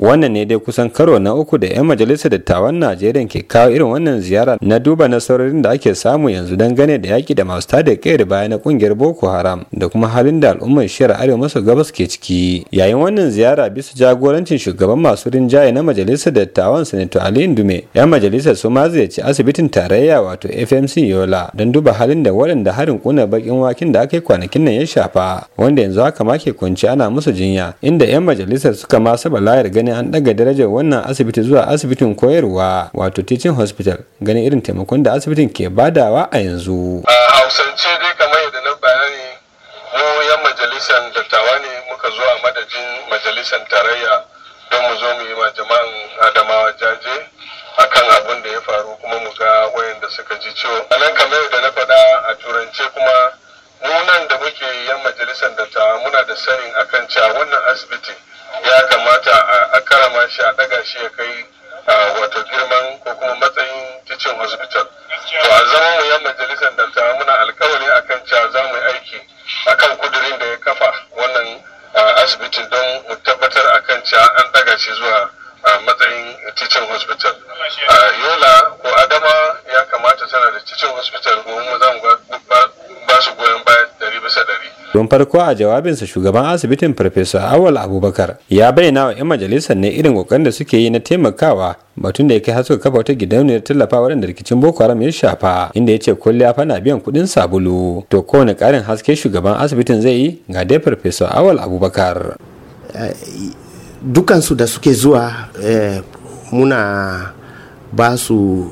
wannan ne dai kusan karo na uku da 'yan majalisar dattawan najeriya ke kawo irin wannan ziyara na duba nasarorin da ake samu yanzu don gane da yaki da masu tada kayar baya na ƙungiyar boko haram da kuma halin da al'ummar shiyar arewa maso gabas ke ciki yayin wannan ziyara bisa jagorancin shugaban masu rinjaye na majalisar dattawan sanato ali indume 'yan majalisar su ma ziyarci asibitin tarayya wato fmc yola don duba halin da waɗanda harin kuna bakin wakin da aka yi kwanakin nan ya shafa wanda yanzu haka ma ke kunci ana musu jinya inda 'yan majalisar suka ma saba layar ganin ne an daga darajar wannan asibiti zuwa asibitin koyarwa wato teaching hospital ganin irin taimakon da asibitin ke badawa a yanzu a hausance dai kamar yadda na bayani mu yan majalisar dattawa ne muka zo a madajin majalisar tarayya don mu zo mu yi ma jama'an adamawa jaje akan abin da ya faru kuma mu ga wayanda suka ji ciwo a nan kamar yadda na faɗa a turance kuma mu nan da muke yan majalisar dattawa muna da sanin akan cewa wannan asibiti ya kamata a karama shi a daga shi ya kai wato girman ko kuma matsayin cikin hospital to a zama mu yan majalisar ta muna alkawari akan cewa za mu aiki a kan kudirin da ya kafa wannan asibitin don mu tabbatar akan cewa an daga shi zuwa matsayin cikin hospital yola ko adama ya kamata tana da cikin hospital za mu ba su goyon baya don farko a jawabinsa shugaban asibitin farfesa awal abubakar ya bayyana wa 'yan majalisar ne irin kokarin da suke yi na taimakawa batun da ya kai suka kafa wata gidauniyar tallafa waɗanda rikicin boko haram ya shafa inda ya ce kulliya fana biyan kuɗin sabulu to kowane ƙarin haske shugaban asibitin zai yi ga dai farfesa awal abubakar eh, dukansu da suke zuwa eh, muna ba su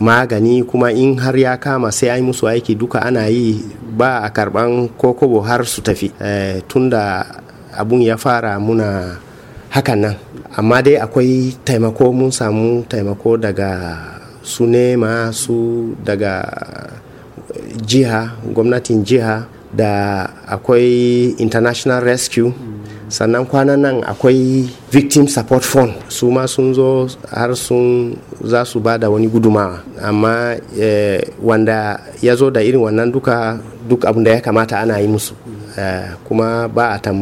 magani kuma in har ya kama sai ai musu aiki duka ana yi ba a karban kokobo har su tafi eh, tunda abun ya fara muna hakan nan amma dai akwai taimako mun samu taimako daga su nema su daga jiha gwamnatin jiha da akwai international rescue sannan kwanan nan akwai victim support fund su ma sun zo har sun za su ba da wani gudumawa amma eh, wanda ya zo da irin wannan duka duk abin ya kamata ana yi musu eh, kuma ba a tam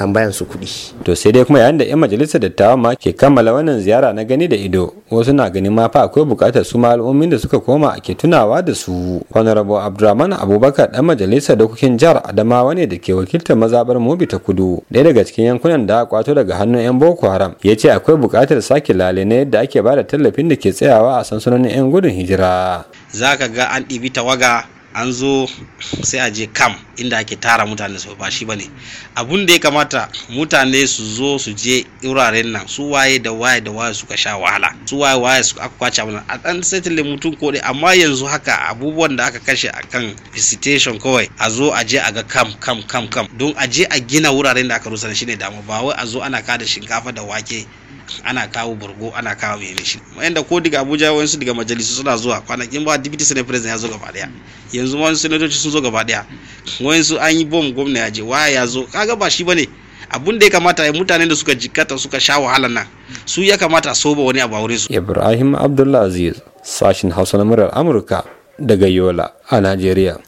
tambayan su kuɗi. To sai dai kuma yayin da 'yan majalisar dattawa ma ke kammala wannan ziyara na gani da ido wasu na ganin ma fa akwai buƙatar su ma al'ummin da suka koma ke tunawa da su. Honorable Abdulrahman Abubakar ɗan majalisar dokokin jihar Adamawa ne da ke wakiltar mazabar Mobi ta Kudu ɗaya daga cikin yankunan da kwato daga hannun 'yan Boko Haram ya ce akwai buƙatar sake lale na yadda ake bada tallafin da ke tsayawa a sansanonin 'yan gudun hijira. Za ka ga an ɗibi tawaga an zo sai a je kam inda ake tara mutane su ba shi bane abun da ya kamata mutane su zo su je wuraren nan su waye da waye da waye suka sha wahala su waye waye su aka kwace a dan settle mutum ko dai amma yanzu haka abubuwan da aka kashe kan visitation kawai a zo a je a ga kam kam kam kam don a je a gina wuraren da aka rusa shine damu ba wai a zo ana kada shinkafa da wake ana kawo burgo ana kawo mene shi ko daga abuja wani daga majalisu suna zuwa kwanakin ba deputy senate president ya zo gaba daya yanzu wani senatoci sun zo gaba daya su an yi bom gwamna ya je waya ya zo kaga ba shi bane abun da ya kamata ya mutanen da suka jikata suka sha wahala nan su ya kamata soba wani abu a wurin su ibrahim abdullah aziz sashin hausa na murar amurka daga yola a najeriya